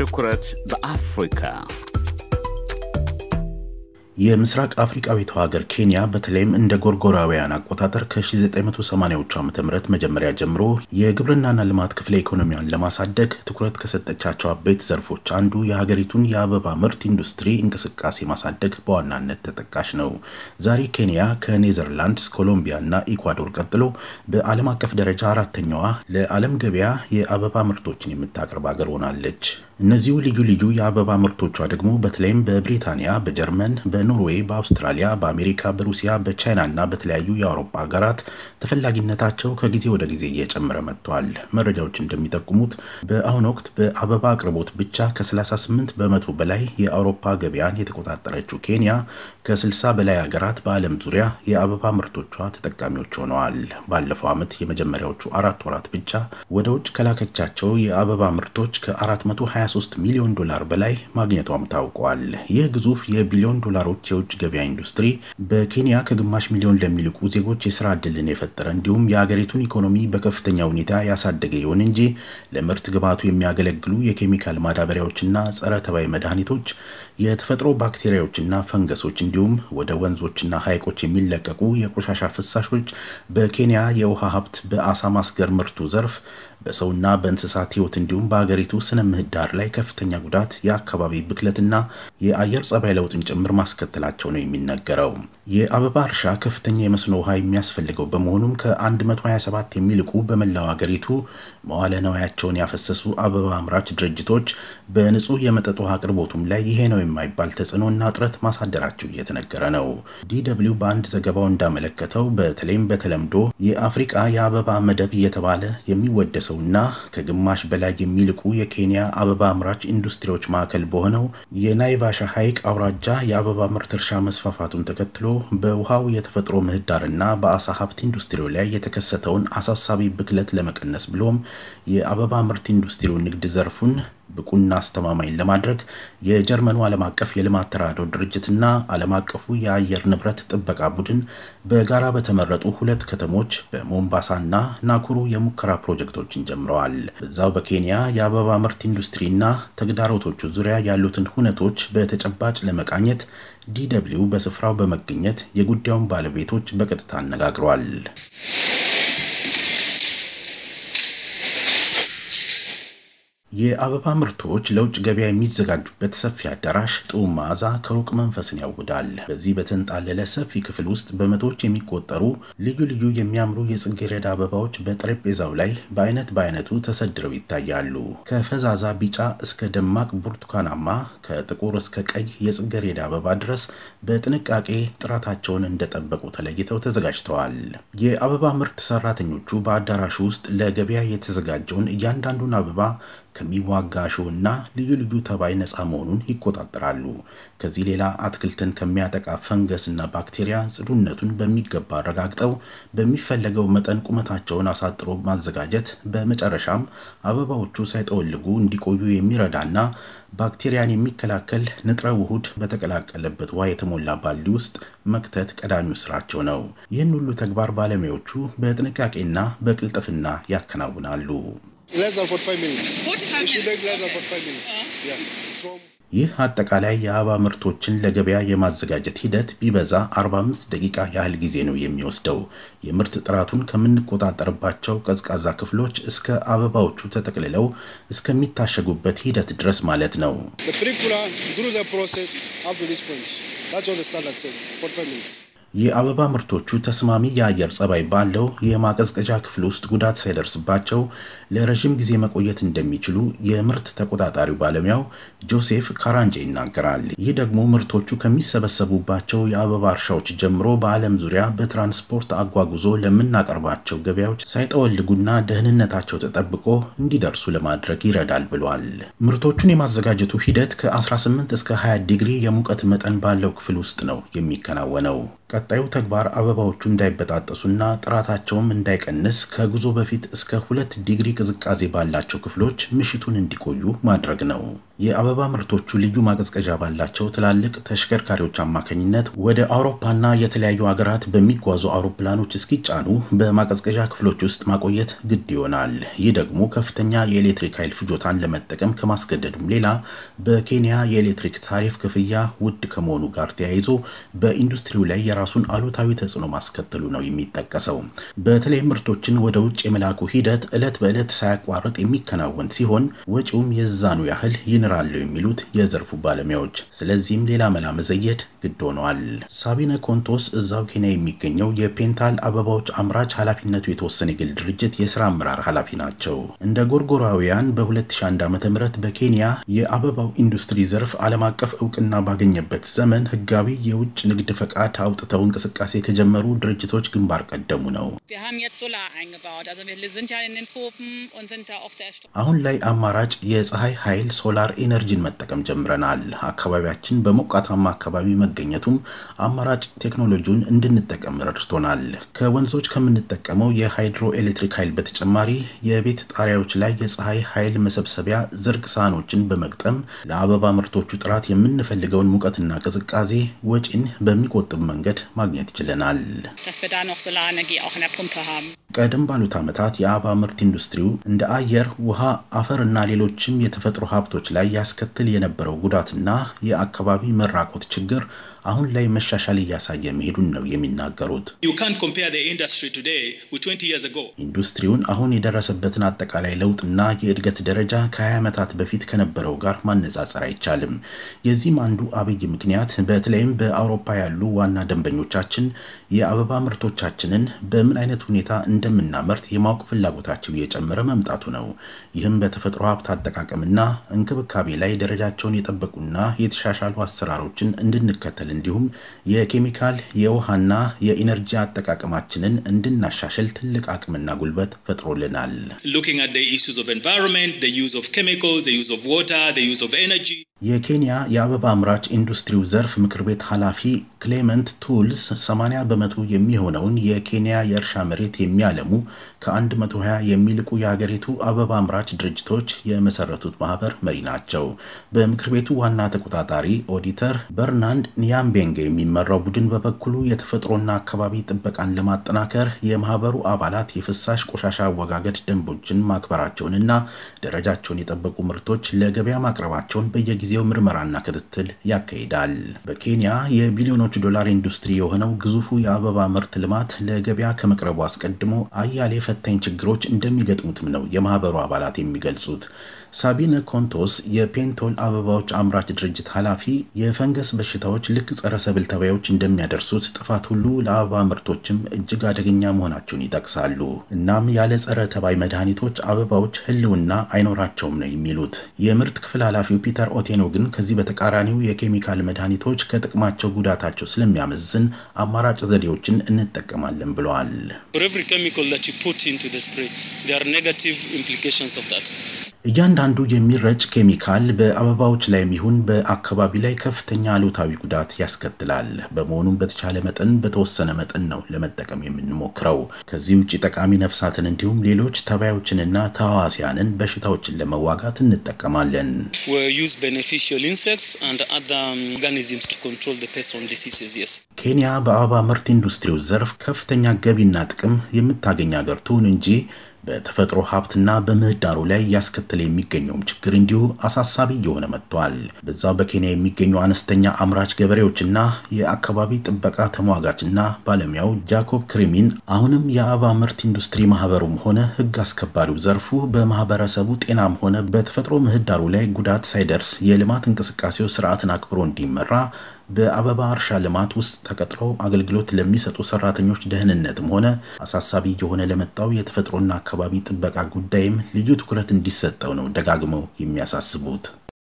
Aristocrat Africa. የምስራቅ አፍሪቃዊቷ ሀገር ኬንያ በተለይም እንደ ጎርጎራውያን አቆጣጠር ከ1980ዎቹ ዓ ም መጀመሪያ ጀምሮ የግብርናና ልማት ክፍለ ኢኮኖሚያን ለማሳደግ ትኩረት ከሰጠቻቸው አበይት ዘርፎች አንዱ የሀገሪቱን የአበባ ምርት ኢንዱስትሪ እንቅስቃሴ ማሳደግ በዋናነት ተጠቃሽ ነው። ዛሬ ኬንያ ከኔዘርላንድስ፣ ኮሎምቢያ እና ኢኳዶር ቀጥሎ በዓለም አቀፍ ደረጃ አራተኛዋ ለዓለም ገበያ የአበባ ምርቶችን የምታቀርብ ሀገር ሆናለች። እነዚሁ ልዩ ልዩ የአበባ ምርቶቿ ደግሞ በተለይም በብሪታንያ፣ በጀርመን፣ በ በኖርዌይ፣ በአውስትራሊያ፣ በአሜሪካ፣ በሩሲያ፣ በቻይና እና በተለያዩ የአውሮፓ ሀገራት ተፈላጊነታቸው ከጊዜ ወደ ጊዜ እየጨመረ መጥተዋል። መረጃዎች እንደሚጠቁሙት በአሁኑ ወቅት በአበባ አቅርቦት ብቻ ከ38 በመቶ በላይ የአውሮፓ ገበያን የተቆጣጠረችው ኬንያ ከ60 በላይ ሀገራት በዓለም ዙሪያ የአበባ ምርቶቿ ተጠቃሚዎች ሆነዋል። ባለፈው ዓመት የመጀመሪያዎቹ አራት ወራት ብቻ ወደ ውጭ ከላከቻቸው የአበባ ምርቶች ከ423 ሚሊዮን ዶላር በላይ ማግኘቷም ታውቋል። ይህ ግዙፍ የቢሊዮን ዶላሮች ዜጎች የውጭ ገበያ ኢንዱስትሪ በኬንያ ከግማሽ ሚሊዮን ለሚልቁ ዜጎች የስራ ዕድልን የፈጠረ እንዲሁም የአገሪቱን ኢኮኖሚ በከፍተኛ ሁኔታ ያሳደገ ይሁን እንጂ ለምርት ግብዓቱ የሚያገለግሉ የኬሚካል ማዳበሪያዎችና ጸረ ተባይ መድኃኒቶች፣ የተፈጥሮ ባክቴሪያዎችና ፈንገሶች እንዲሁም ወደ ወንዞችና ሐይቆች የሚለቀቁ የቆሻሻ ፍሳሾች በኬንያ የውሃ ሀብት በአሳ ማስገር ምርቱ ዘርፍ በሰውና በእንስሳት ህይወት እንዲሁም በአገሪቱ ስነ ምህዳር ላይ ከፍተኛ ጉዳት፣ የአካባቢ ብክለትና የአየር ጸባይ ለውጥን ጭምር ማስከተላቸው ነው የሚነገረው። የአበባ እርሻ ከፍተኛ የመስኖ ውሃ የሚያስፈልገው በመሆኑም ከ127 የሚልቁ በመላው አገሪቱ መዋለ ነዋያቸውን ያፈሰሱ አበባ አምራች ድርጅቶች በንጹህ የመጠጥ ውሃ አቅርቦቱም ላይ ይሄ ነው የማይባል ተጽዕኖና ጥረት ማሳደራቸው እየተነገረ ነው። ዲደብሊው በአንድ ዘገባው እንዳመለከተው በተለይም በተለምዶ የአፍሪቃ የአበባ መደብ እየተባለ የሚወደሰውና ከግማሽ በላይ የሚልቁ የኬንያ አበባ አምራች ኢንዱስትሪዎች ማዕከል በሆነው የናይቫ በላሻ ሐይቅ አውራጃ የአበባ ምርት እርሻ መስፋፋቱን ተከትሎ በውሃው የተፈጥሮ ምህዳርና በአሳ ሀብት ኢንዱስትሪው ላይ የተከሰተውን አሳሳቢ ብክለት ለመቀነስ ብሎም የአበባ ምርት ኢንዱስትሪው ንግድ ዘርፉን ብቁና አስተማማኝ ለማድረግ የጀርመኑ ዓለም አቀፍ የልማት ተራድኦ ድርጅትና ዓለም አቀፉ የአየር ንብረት ጥበቃ ቡድን በጋራ በተመረጡ ሁለት ከተሞች በሞምባሳና ናኩሩ የሙከራ ፕሮጀክቶችን ጀምረዋል። በዛው በኬንያ የአበባ ምርት ኢንዱስትሪና ተግዳሮቶቹ ዙሪያ ያሉትን ሁነቶች በተጨባጭ ለመቃኘት ዲደብሊው በስፍራው በመገኘት የጉዳዩን ባለቤቶች በቀጥታ አነጋግሯል። የአበባ ምርቶች ለውጭ ገበያ የሚዘጋጁበት ሰፊ አዳራሽ ጥሩ መዓዛ ከሩቅ መንፈስን ያውዳል። በዚህ በተንጣለለ ሰፊ ክፍል ውስጥ በመቶዎች የሚቆጠሩ ልዩ ልዩ የሚያምሩ የጽጌረዳ አበባዎች በጠረጴዛው ላይ በአይነት በአይነቱ ተሰድረው ይታያሉ። ከፈዛዛ ቢጫ እስከ ደማቅ ብርቱካናማ፣ ከጥቁር እስከ ቀይ የጽጌረዳ አበባ ድረስ በጥንቃቄ ጥራታቸውን እንደጠበቁ ተለይተው ተዘጋጅተዋል። የአበባ ምርት ሰራተኞቹ በአዳራሹ ውስጥ ለገበያ የተዘጋጀውን እያንዳንዱን አበባ ከሚዋጋ እሾህና ልዩ ልዩ ተባይ ነፃ መሆኑን ይቆጣጠራሉ። ከዚህ ሌላ አትክልትን ከሚያጠቃ ፈንገስና ባክቴሪያ ጽዱነቱን በሚገባ አረጋግጠው በሚፈለገው መጠን ቁመታቸውን አሳጥሮ ማዘጋጀት በመጨረሻም አበባዎቹ ሳይጠወልጉ እንዲቆዩ የሚረዳና ባክቴሪያን የሚከላከል ንጥረ ውሁድ በተቀላቀለበት ውሃ የተሞላ ባልዲ ውስጥ መክተት ቀዳሚው ስራቸው ነው። ይህን ሁሉ ተግባር ባለሙያዎቹ በጥንቃቄና በቅልጥፍና ያከናውናሉ። less than 45 minutes. 45 less than 45 minutes. Yeah. From ይህ አጠቃላይ የአበባ ምርቶችን ለገበያ የማዘጋጀት ሂደት ቢበዛ 45 ደቂቃ ያህል ጊዜ ነው የሚወስደው። የምርት ጥራቱን ከምንቆጣጠርባቸው ቀዝቃዛ ክፍሎች እስከ አበባዎቹ ተጠቅልለው እስከሚታሸጉበት ሂደት ድረስ ማለት ነው። የአበባ ምርቶቹ ተስማሚ የአየር ጸባይ ባለው የማቀዝቀዣ ክፍል ውስጥ ጉዳት ሳይደርስባቸው ለረዥም ጊዜ መቆየት እንደሚችሉ የምርት ተቆጣጣሪው ባለሙያው ጆሴፍ ካራንጄ ይናገራል። ይህ ደግሞ ምርቶቹ ከሚሰበሰቡባቸው የአበባ እርሻዎች ጀምሮ በዓለም ዙሪያ በትራንስፖርት አጓጉዞ ለምናቀርባቸው ገበያዎች ሳይጠወልጉና ደህንነታቸው ተጠብቆ እንዲደርሱ ለማድረግ ይረዳል ብሏል። ምርቶቹን የማዘጋጀቱ ሂደት ከ18 እስከ 20 ዲግሪ የሙቀት መጠን ባለው ክፍል ውስጥ ነው የሚከናወነው። ቀጣዩ ተግባር አበባዎቹ እንዳይበጣጠሱና ጥራታቸውም እንዳይቀንስ ከጉዞ በፊት እስከ ሁለት ዲግሪ ቅዝቃዜ ባላቸው ክፍሎች ምሽቱን እንዲቆዩ ማድረግ ነው። የአበባ ምርቶቹ ልዩ ማቀዝቀዣ ባላቸው ትላልቅ ተሽከርካሪዎች አማካኝነት ወደ አውሮፓና የተለያዩ ሀገራት በሚጓዙ አውሮፕላኖች እስኪጫኑ በማቀዝቀዣ ክፍሎች ውስጥ ማቆየት ግድ ይሆናል። ይህ ደግሞ ከፍተኛ የኤሌክትሪክ ኃይል ፍጆታን ለመጠቀም ከማስገደዱም ሌላ በኬንያ የኤሌክትሪክ ታሪፍ ክፍያ ውድ ከመሆኑ ጋር ተያይዞ በኢንዱስትሪው ላይ የራሱን አሉታዊ ተጽዕኖ ማስከተሉ ነው የሚጠቀሰው። በተለይ ምርቶችን ወደ ውጭ የመላኩ ሂደት ዕለት በዕለት ሳያቋርጥ የሚከናወን ሲሆን ወጪውም የዛኑ ያህል ይንራሉ የሚሉት የዘርፉ ባለሙያዎች፣ ስለዚህም ሌላ መላ መዘየድ ግድ ሆነዋል። ሳቢነ ኮንቶስ እዛው ኬንያ የሚገኘው የፔንታል አበባዎች አምራች ኃላፊነቱ የተወሰነ የግል ድርጅት የስራ አመራር ኃላፊ ናቸው። እንደ ጎርጎራውያን በ2001 ዓ.ም በኬንያ የአበባው ኢንዱስትሪ ዘርፍ ዓለም አቀፍ እውቅና ባገኘበት ዘመን ህጋዊ የውጭ ንግድ ፈቃድ አውጥ ወጥተው እንቅስቃሴ ከጀመሩ ድርጅቶች ግንባር ቀደሙ ነው። አሁን ላይ አማራጭ የፀሐይ ኃይል ሶላር ኢነርጂን መጠቀም ጀምረናል። አካባቢያችን በሞቃታማ አካባቢ መገኘቱም አማራጭ ቴክኖሎጂውን እንድንጠቀም ረድቶናል። ከወንዞች ከምንጠቀመው የሃይድሮ ኤሌክትሪክ ኃይል በተጨማሪ የቤት ጣሪያዎች ላይ የፀሐይ ኃይል መሰብሰቢያ ዝርግ ሳህኖችን በመግጠም ለአበባ ምርቶቹ ጥራት የምንፈልገውን ሙቀትና ቅዝቃዜ ወጪን በሚቆጥብ መንገድ ማግኘት ችለናል። ቀደም ባሉት ዓመታት የአበባ ምርት ኢንዱስትሪው እንደ አየር፣ ውሃ፣ አፈር እና ሌሎችም የተፈጥሮ ሀብቶች ላይ ያስከትል የነበረው ጉዳትና የአካባቢ መራቆት ችግር አሁን ላይ መሻሻል እያሳየ መሄዱን ነው የሚናገሩት። ኢንዱስትሪውን አሁን የደረሰበትን አጠቃላይ ለውጥና የእድገት ደረጃ ከ20 ዓመታት በፊት ከነበረው ጋር ማነጻጸር አይቻልም። የዚህም አንዱ አብይ ምክንያት በተለይም በአውሮፓ ያሉ ዋና ደንበኞቻችን የአበባ ምርቶቻችንን በምን አይነት ሁኔታ እንደምናመርት የማወቅ ፍላጎታቸው እየጨመረ መምጣቱ ነው። ይህም በተፈጥሮ ሀብት አጠቃቀምና እንክብካቤ ላይ ደረጃቸውን የጠበቁና የተሻሻሉ አሰራሮችን እንድንከተል እንዲሁም የኬሚካል የውሃና የኢነርጂ አጠቃቀማችንን እንድናሻሽል ትልቅ አቅምና ጉልበት ፈጥሮልናል። የኬንያ የአበባ አምራች ኢንዱስትሪው ዘርፍ ምክር ቤት ኃላፊ ክሌመንት ቱልስ 80 በመቶ የሚሆነውን የኬንያ የእርሻ መሬት የሚያለሙ ከ120 የሚልቁ የሀገሪቱ አበባ አምራች ድርጅቶች የመሰረቱት ማህበር መሪ ናቸው። በምክር ቤቱ ዋና ተቆጣጣሪ ኦዲተር በርናንድ ኒያምቤንገ የሚመራው ቡድን በበኩሉ የተፈጥሮና አካባቢ ጥበቃን ለማጠናከር የማህበሩ አባላት የፍሳሽ ቆሻሻ አወጋገድ ደንቦችን ማክበራቸውንና ደረጃቸውን የጠበቁ ምርቶች ለገበያ ማቅረባቸውን በየጊዜ በየጊዜው ምርመራና ክትትል ያካሂዳል። በኬንያ የቢሊዮኖች ዶላር ኢንዱስትሪ የሆነው ግዙፉ የአበባ ምርት ልማት ለገበያ ከመቅረቡ አስቀድሞ አያሌ ፈታኝ ችግሮች እንደሚገጥሙትም ነው የማህበሩ አባላት የሚገልጹት። ሳቢነ ኮንቶስ የፔንቶል አበባዎች አምራች ድርጅት ኃላፊ የፈንገስ በሽታዎች ልክ ጸረ ሰብል ተባዮች እንደሚያደርሱት ጥፋት ሁሉ ለአበባ ምርቶችም እጅግ አደገኛ መሆናቸውን ይጠቅሳሉ። እናም ያለ ጸረ ተባይ መድኃኒቶች አበባዎች ሕልውና አይኖራቸውም ነው የሚሉት። የምርት ክፍል ኃላፊው ፒተር ኦቴኖ ግን ከዚህ በተቃራኒው የኬሚካል መድኃኒቶች ከጥቅማቸው ጉዳታቸው ስለሚያመዝን አማራጭ ዘዴዎችን እንጠቀማለን ብለዋል። እያንዳንዱ እያንዳንዱ የሚረጭ ኬሚካል በአበባዎች ላይ የሚሆን በአካባቢ ላይ ከፍተኛ አሉታዊ ጉዳት ያስከትላል። በመሆኑም በተቻለ መጠን በተወሰነ መጠን ነው ለመጠቀም የምንሞክረው። ከዚህ ውጭ ጠቃሚ ነፍሳትን እንዲሁም ሌሎች ተባዮችንና ተዋሲያንን በሽታዎችን ለመዋጋት እንጠቀማለን። ኬንያ በአበባ ምርት ኢንዱስትሪው ዘርፍ ከፍተኛ ገቢና ጥቅም የምታገኝ አገር ትሁን እንጂ በተፈጥሮ ሀብትና በምህዳሩ ላይ እያስከተለ የሚገኘውም ችግር እንዲሁ አሳሳቢ እየሆነ መጥቷል። በዛው በኬንያ የሚገኙ አነስተኛ አምራች ገበሬዎችና የአካባቢ ጥበቃ ተሟጋችና ባለሙያው ጃኮብ ክሪሚን አሁንም የአበባ ምርት ኢንዱስትሪ ማህበሩም ሆነ ህግ አስከባሪው ዘርፉ በማህበረሰቡ ጤናም ሆነ በተፈጥሮ ምህዳሩ ላይ ጉዳት ሳይደርስ የልማት እንቅስቃሴው ስርዓትን አክብሮ እንዲመራ በአበባ እርሻ ልማት ውስጥ ተቀጥረው አገልግሎት ለሚሰጡ ሰራተኞች ደህንነትም ሆነ አሳሳቢ የሆነ ለመጣው የተፈጥሮና አካባቢ ጥበቃ ጉዳይም ልዩ ትኩረት እንዲሰጠው ነው ደጋግመው የሚያሳስቡት።